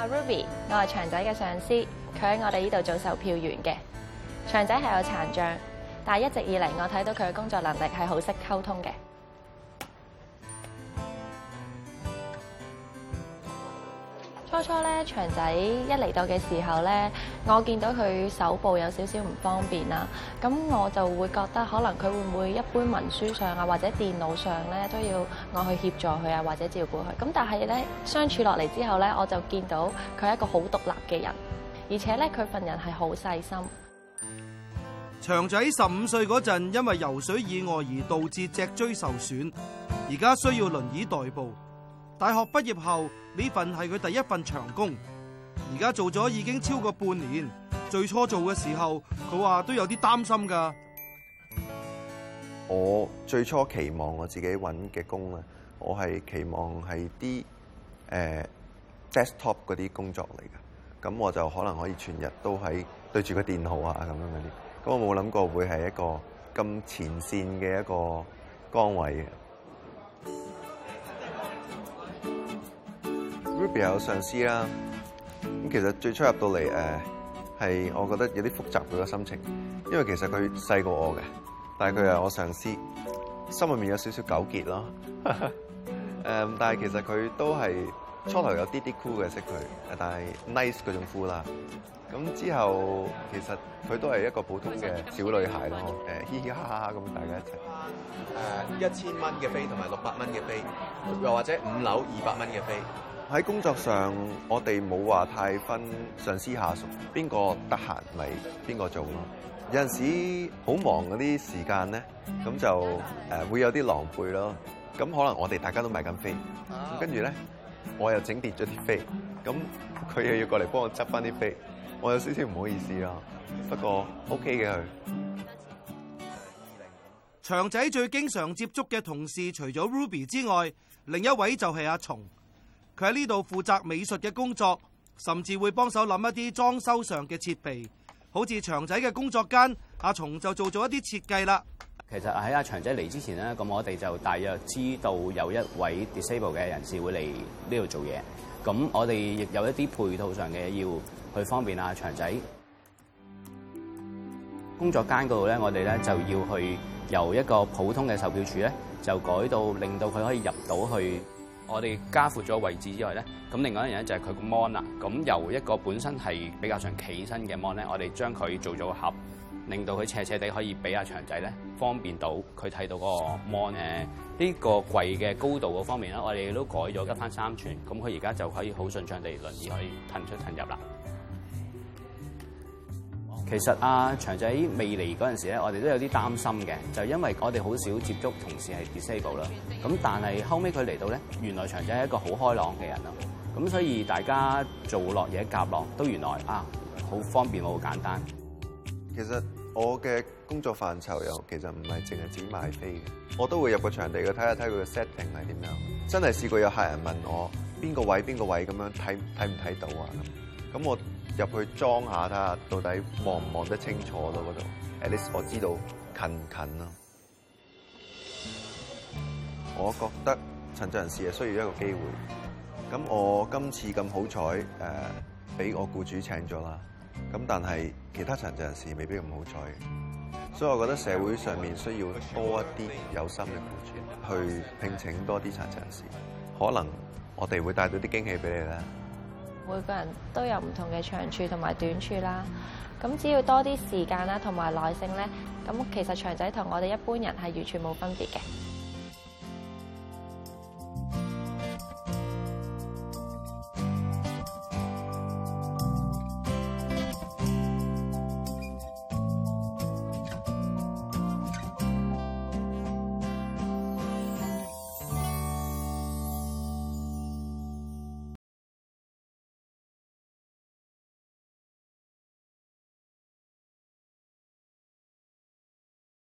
我係 Ruby，我係祥仔嘅上司，佢喺我哋呢度做售票員嘅。祥仔係有殘障，但係一直以嚟我睇到佢嘅工作能力係好識溝通嘅。初初咧，祥仔一嚟到嘅時候咧，我見到佢手部有少少唔方便啦，咁我就會覺得可能佢會唔會一般文書上啊，或者電腦上咧都要我去協助佢啊，或者照顧佢。咁但係咧，相處落嚟之後咧，我就見到佢係一個好獨立嘅人，而且咧佢份人係好細心。祥仔十五歲嗰陣，因為游水意外而導致脊椎受損，而家需要輪椅代步。大學畢業後，呢份係佢第一份長工，而家做咗已經超過半年。最初做嘅時候，佢話都有啲擔心噶。我最初期望我自己揾嘅工啊，我係期望係啲誒 desktop 嗰啲工作嚟嘅。咁我就可能可以全日都喺對住個電腦啊咁樣嗰啲。咁我冇諗過會係一個咁前線嘅一個崗位。Ruby 有上司啦，咁其實最初入到嚟誒，係我覺得有啲複雜佢嘅心情，因為其實佢細過我嘅，但係佢係我上司，心裏面有少少糾結咯。誒，但係其實佢都係初頭有啲啲酷嘅識佢，但係 nice 嗰種 cool 啦。咁之後其實佢都係一個普通嘅小女孩咯，誒、嗯、嘻嘻哈哈咁大家一齊。誒一千蚊嘅飛同埋六百蚊嘅飛，又或者五樓二百蚊嘅飛。喺工作上，我哋冇話太分上司下屬，邊個得閒咪邊個做咯。有陣時好忙嗰啲時間咧，咁就誒、呃、會有啲狼狽咯。咁可能我哋大家都買緊飛，跟住咧我又整跌咗啲飛，咁佢又要過嚟幫我執翻啲飛，我有少少唔好意思咯。不過 OK 嘅佢。祥仔最經常接觸嘅同事，除咗 Ruby 之外，另一位就係阿松。佢喺呢度負責美術嘅工作，甚至會幫手諗一啲裝修上嘅設備，好似祥仔嘅工作間，阿松就做咗一啲設計啦。其實喺阿祥仔嚟之前咧，咁我哋就大約知道有一位 disable 嘅人士會嚟呢度做嘢，咁我哋亦有一啲配套上嘅要去方便阿祥仔。工作間嗰度咧，我哋咧就要去由一個普通嘅售票處咧，就改到令到佢可以入到去。我哋加闊咗位置之外咧，咁另外一樣咧就係佢個 mon 啦。咁由一個本身係比較上企身嘅 mon 咧，我哋將佢做咗個盒，令到佢斜斜地可以俾阿祥仔咧方便到佢睇到嗰個 mon。誒呢個櫃嘅高度嗰方面咧，我哋都改咗得翻三吋。咁佢而家就可以好順暢地輪椅可以騰出騰入啦。其實阿、啊、祥仔未嚟嗰陣時咧，我哋都有啲擔心嘅，就因為我哋好少接觸同事係 disable 啦。咁但係後尾佢嚟到咧，原來祥仔係一個好開朗嘅人咯。咁所以大家做落嘢夾落都原來啊好方便好簡單。其實我嘅工作範疇又其實唔係淨係只賣飛嘅，我都會入個場地去睇一睇佢嘅 setting 係點樣。真係試過有客人問我邊個位邊個位咁樣睇睇唔睇到啊？咁我，入去裝下睇下，看看到底望唔望得清楚咯？嗰度 ，at least 我知道近唔近咯、啊。 我覺得殘疾人士係需要一個機會。咁我今次咁好彩誒，俾、呃、我僱主請咗啦。咁但係其他殘疾人士未必咁好彩。所以我覺得社會上面需要多一啲有心嘅僱主去聘請多啲殘疾人士。可能我哋會帶到啲驚喜俾你啦。每個人都有唔同嘅長處同埋短處啦，咁只要多啲時間啦，同埋耐性咧，咁其實祥仔同我哋一般人係完全冇分別嘅。